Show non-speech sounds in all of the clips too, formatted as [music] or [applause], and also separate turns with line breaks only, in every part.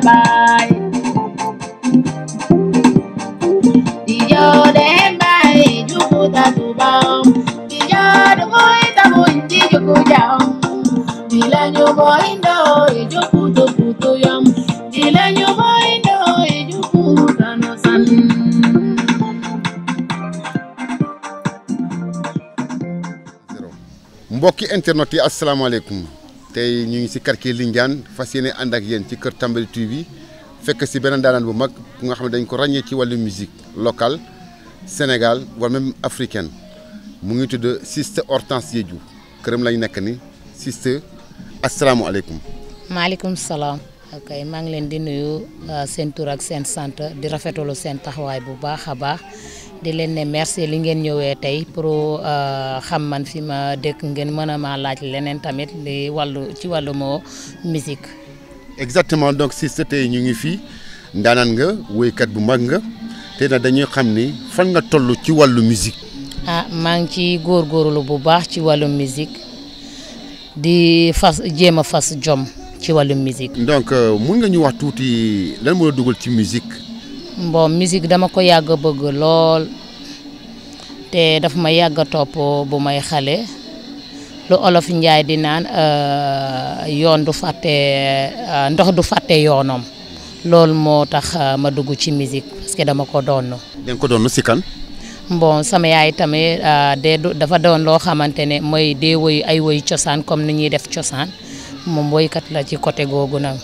bay Dijo den bay juku tatu bao Dijo dukui tabun dijuku jao Dila nyubo indo ijuku tuku tuyom Dila nyubo indo ijuku tanasan
mbokki internet yi asalaamaaleykum tay ñu ngi si quartier Lindiane fas and ak yeen ci kër Tambal TV fekk ci benen daanan bu mag nga xamne dañ ko ragné ci walu musique local Sénégal wala même africaine mu ngi tudd Siste Hortense Diédhiou kërëm lañ nekk ni Siste
asalaamualeykum. alaykum salaam. ok ma ngi leen di nuyu ah, sen tour ak sen sant di rafetolu sen taxaway bu baax baax. di leen ne merci li ngeen ñëwee tey pour euh, xam man fi ma dëkk ngeen mën a ma laaj leneen tamit li wàllu ci wàllu moo musique.
exactement donc si tey ñu ngi fii ndaanaan nga woykat bu mag nga te na dañuy xam ni fan nga toll ci wàllu musique.
ah maa ngi ci góorgóorlu bu baax ci wàllu musique di fas jéem a fas jom ci wàllu musique.
donc euh, mun nga ñu wax tuuti lan moo la dugal ci musique.
bon musique dama ko yàgg a bëgg lool te dafa ma yàgg a topp bu may xale lu olof njaay di naan euh, yoon du fàtte euh, ndox du fàtte yoonam loolu moo tax euh, ma dugg ci musique parce dama ko doon.
da nga ko doon si kan.
bon sama yaay tamit de dafa doon loo xamante ne mooy dee woy ay woy cosaan comme ni ñuy def cosaan moom woykat la ci côté googu nag.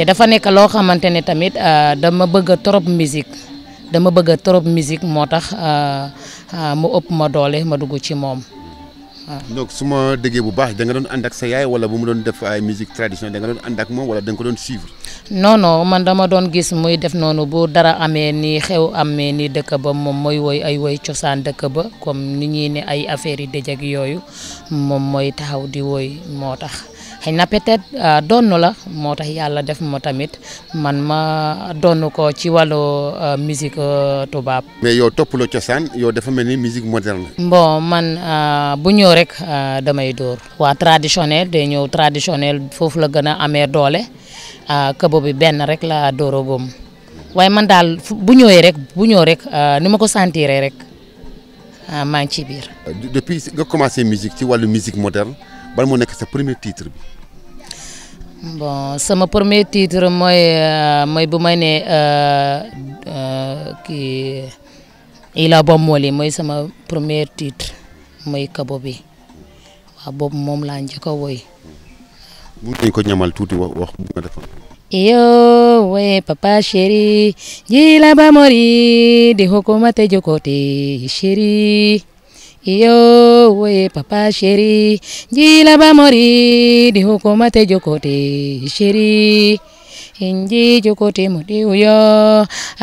té dafa nek lo xamantene tamit euh dama bëgg trop musique dama bëgg trop musique motax euh, euh mu upp ma doole ma duggu ci mom
donc suma déggé bu baax da nga don sa yaay wala bu mu don def ay musique tradition da nga don ak wala da nga don suivre.
non non man dama don gis muy def nonu bu dara amé ni xew amé ni dekk ba mom moy woy ay woy cosaan dekk ba comme ni ñi ne ay affaire yi dejj ak yoyu mom moy taxaw di woy motax xëy na peut-être euh, doon la moo tax yàlla def ma tamit man ma donn ko ci wàllu euh, musique euh, tubaab.
mais yow toppaloo cosaan yow dafa mel ni musique moderne.
bon man bu ñëw rek damay dóor. waa traditionnel day ñëw traditionnel foofu la gën a amee doole këbo bi benn rek la dóoragum waaye man daal bu ñëwee rek bu ñëw rek ni ma ko sentiree rek maa ngi ci biir.
depuis nga commencé musique ci wàllu musique moderne. ban moo nekk sa premier titre bi.
bon sama premier titre mooy euh, mooy bu may ne euh, euh, kii Ila Bomoli mooy sama premier titre mooy kabo bi waaw boobu moom laa njëkk a woy.
mun nañu ko ñamal tuuti wax wax bu nga defoon.
Iyo we papa chéri jila ba mori di hukumate jokote chéri iyo we papa sheri njilaba mori di hukumate jokote sheri inji jokote mudi uyo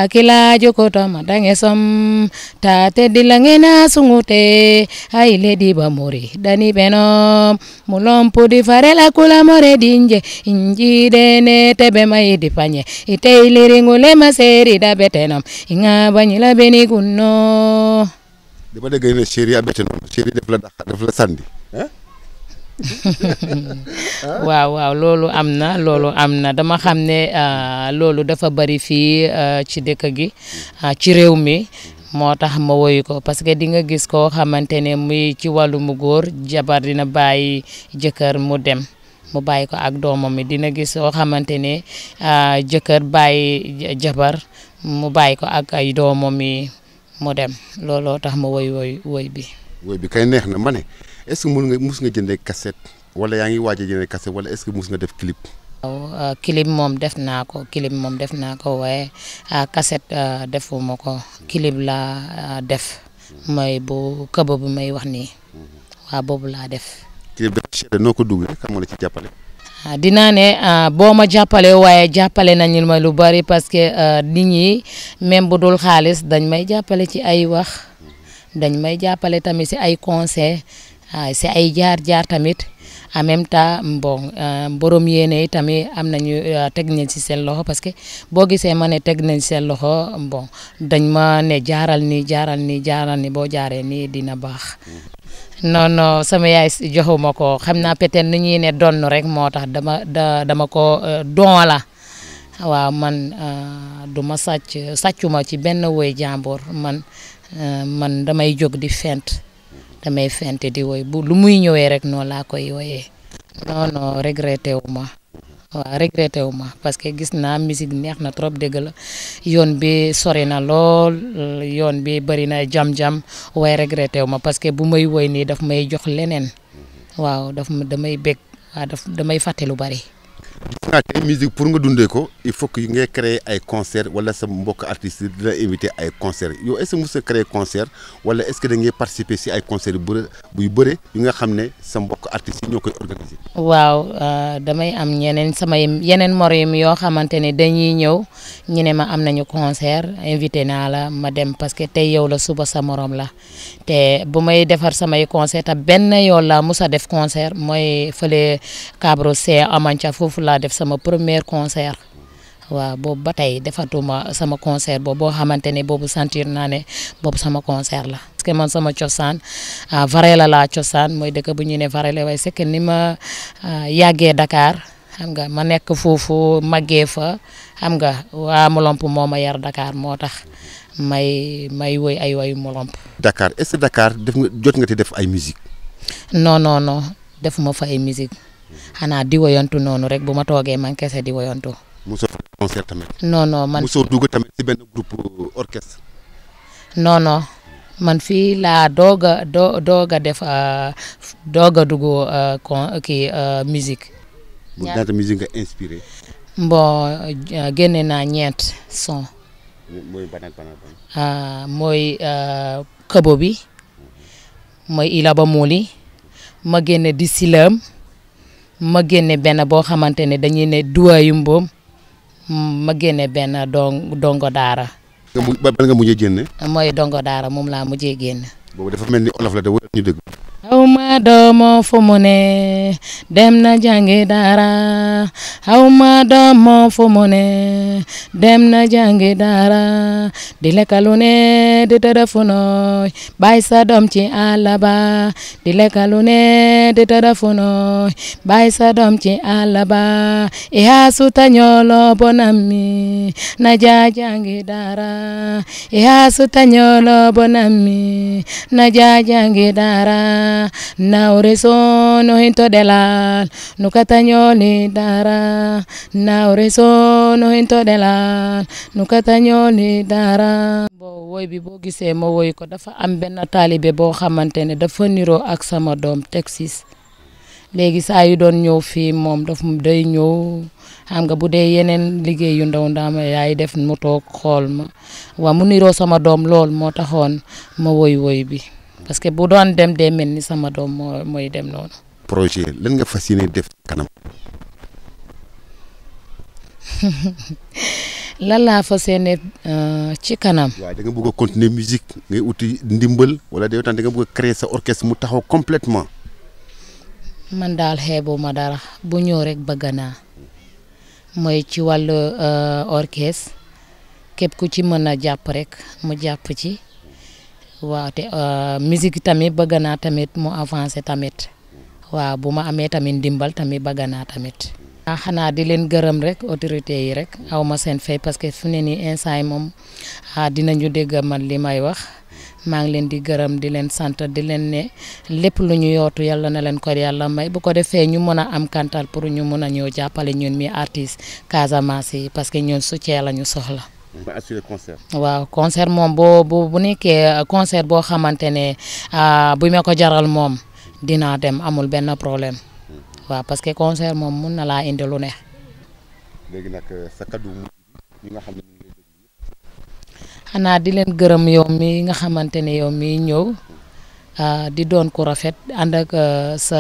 akila jokota madange som tate dilangena sungute aile di bamori dani beno mulompu di farela kula more dinje inji dene tebe mai di panye ite ile ringule maseri da betenom inga banyila beni kuno
li ma déggee ne chéri def la dax def la sànni
[laughs] waaw waaw loolu am na loolu am na dama xam ne euh, loolu dafa bari fii euh, ci dëkk gi euh, ci réew mi moo tax ma woyu ko parce que di nga gis koo xamante ne muy ci wàllu mu góor jabar dina bàyyi jëkkër mu dem mu bàyyi ko ak doomam mi dina gis koo xamante ne jëkkër bàyyi jabar mu bàyyi ko ak ay doomam moo dem looloo tax ma woy woy woy bi.
woy bi kay neex na ma ne est-ce nga mus nga jëndee cassette wala yaa ngi waaj a jëndee cassette wala est-ce mus nga def clip.
waaw ah, moom def naa ko clip moom def naa ko waaye ah, cassette ah, defuma ko clip laa def may bu këba bu may wax nii mm-hmm. waaw boobu laa def.
clip dafa cher noo ko duggee kan moo la ci jàppale.
Ah, dinaa ne ah, boo ma jàppalee waaye jàppale nañu ma lu bari parce que ah, nit même bu dul xaalis dañ may jàppale ci ay wax dañ may jàppale tamit si ay conseil si ay jaar-jaar tamit en même temps bon borom yéene yi am nañu teg nañ si seen loxo parce que boo gisee ma ne teg nañ seen loxo bon dañ ma ne jaaral nii jaaral nii jaaral nii boo jaaree nii dina baax. non non sama yaay joxuma ko xam naa peut-être ni ñuy ne donn rek moo tax dama da dama ko euh, don la waaw man euh, du ma sàcc sàccuma ci benn woy jàmbur man euh, man damay jóg di fent damay fent di woy bu lu muy ñëwee rek noonu laa koy woyee non non regretté ma waaw regretté wu ma parce que gis naa musique neex na trop dégg la yoon bi sori na lool yoon bi bëri na jam-jam waaye regretté wu ma parce que bu may woy nii dafa may jox leneen mm-hmm. waaw daf damay bég waaw daf damay fàtte lu bari
naa tey musique pour nga dundee ko il faut que ngay créer ay concert wala sa mbokk artistes yi invité ay concert yow est-ce que a créer concert wala est que da participer si ay concert yu bëre yu bëre xam ne sa mbokk artistes yi ñoo
euh, am ñeneen sama yeneen morom yoo xamante ne dañuy ñëw ñu ne ma am nañu concert invité naa la ma dem parce que tey yow la suba sa moroom la te bu may defar samay concert benn yoon la mus a def concert mooy fële Cabro C Amanca foofu laa def sama. sama premier concert waaw boobu ba tey defatuma sama concert boobu boo xamante ne boobu sentir naa ne boobu sama concert la. parce man sama cosaan ah, Varela laa cosaan mooy dëkk bu ñu ne Varela waaye c'est ni ma ah, yàggee dakaar xam nga ma nekk foofu maggee fa xam nga waa Molomp moo ma yar Dakar moo tax may may woy ay woyu Molomp.
Dakar est-ce def nga jot nga te def ay musique.
non non non defuma fa ay musique. xanaa di woyantu noonu rek buma ma man di woyantu.
concert tamit. non non man la dugg tamit ci groupe orchestre.
non non man fi la doga a doga doog a def euh, euh, euh, musique.
musique inspiré.
bon na son.
moy banal banal
ah moy bi. Ilaba ma di ma génne benn boo xamante ne dañuy ne duwaayu mboom ma génne benn don dongo daara.
nga mu ban nga mujjee génne.
mooy dongo daara moom laa mujjee génne.
boobu dafa mel ni olof la te wër ñu dëgg.
xawma doomo fu mu ne dem na jàngi daara dem na jàngi daara di lekkalu ne di tëdd fu nooy bàyyi sa doom ci àll ba di lekkalu ne di tëdd fu nooy bàyyi sa doom ci àll ba i haasuta ñoolo bonammi na jaa jàngi daara i haasuta ñoolo bonammi na jaa jàngi daara nawre so no hintoɗelal no katañoli dara nawre so no hintoɗelal no katañoli dara bo woy bi boo gisee ma woy ko dafa am benn taalibe boo xamante ne dafa niroo ak sama doom Texas léegi saa yu doon ñëw fii moom dafa day ñëw xam nga bu dee yeneen liggéey yu ndaw ndaw def mu toog xool ma waaw mu niroo sama doom lool moo taxoon ma woy woy bi parce que bu doon dem dee mel ni sama doom mooy dem noonu.
projet lan nga fas yéene def kanam.
[laughs] lan laa fas yéene euh, ci kanam. waaw da
nga continuer musique ngay uti ndimbal wala da nga bëgg a créer sa orchestre mu taxaw complètement
man daal xeebu ma dara bu ñëw rek bëgg naa mooy ci wàllu euh, orchestre képp ku ci mën a jàpp rek mu jàpp ci. waaw te euh, musique tamit bëgg naa tamit mu avancer tamit waaw bu ma amee tamit ndimbal tamit bëgg naa tamit. ah xanaa di leen gërëm rek autorité yi rek aw ma seen fay parce que fu ne nii instant yi moom ah ñu dégg man li may wax maa ngi leen di gërëm di leen sant di leen ne lépp lu ñu yootu yàlla na leen ko yàlla may bu ko defee ñu mën a am kantal pour ñu mën a ñëw jàppale ñun mi artiste Casamance yi parce que ñu soutien la ñu soxla. ba assurer concert. waaw concert moom bo bo bu nekkee euh, concert boo xamante ne euh, bu ma ko jaral moom dinaa dem amul benn problème mm-hmm. waaw parce que concert moom mun na laa indi lu ne.
léegi nag euh, sa kaddu ñi nga xam ne ngi lay
xanaa di leen gërëm yow mi nga xamante ne yow mi ñëw di doon ku rafet ànd ak sa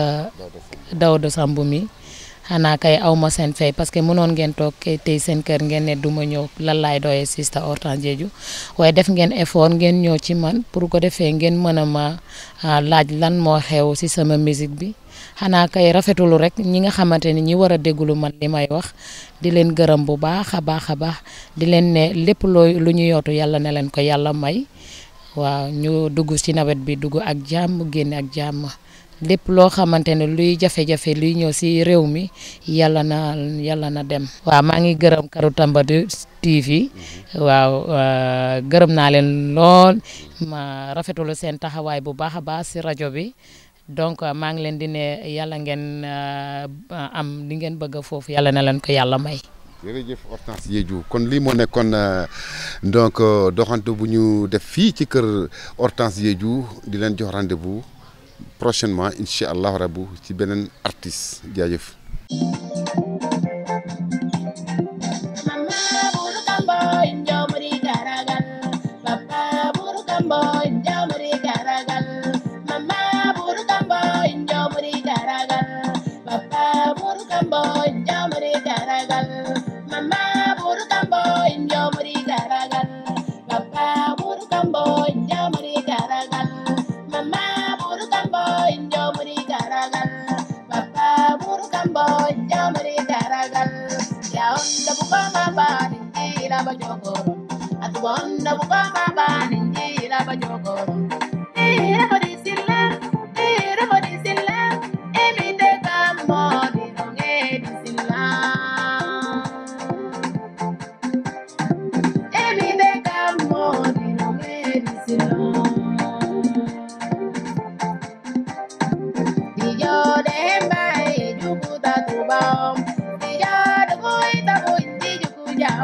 Daouda Samb mi hana kay awma sen fay parce que mënon ngeen tok kay tey sen kër ngeen ne duma ma ñëw lan laay doyee Sister hortan Diedhiou way def ngeen effort ngeen ñëw ci man pour ko defee ngeen mën ma ah, laaj lan mo xew ci sama musique bi hana kay rafetul rek ñi nga xamante ni ñi wara déggulu man limay wax di leen bu baaxa baaxa baax di leen ne lepp loy lu ñu yotu yalla ne leen ko yalla may waaw ñu dugg ci nawet bi dugg ak jamm genn ak jamm lépp loo xamante ne luy jafe-jafe luy ñëw si réew mi yàlla na yàlla na dem. waaw maa ngi gërëm Karou Tamba TV mhm. waaw euh, gërëm naa leen lool ma rafetulu seen taxawaay bu baax a baax si rajo bi donc euh, maa ngi leen di ne yàlla ngeen euh, am li ngeen bëgg foofu yàlla na leen ko yàlla may.
jërëjëf Hortense Diédhiou kon lii moo nekkoon donc doxantu bu ñu def fii ci kër Hortense Diédhiou di leen jox rendez-vous. prochainement incha allah rabu ci beneen artiste jaajëf.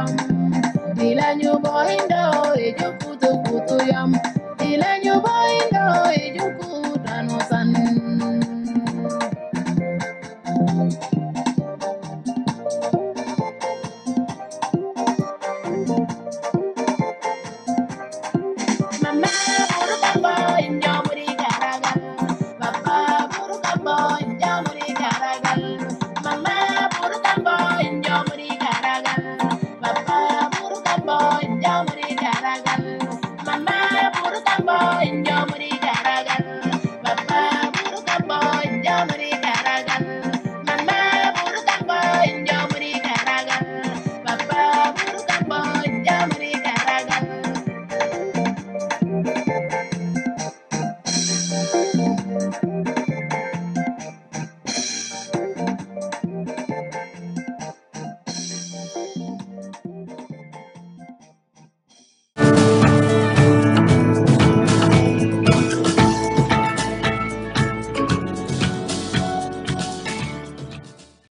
down.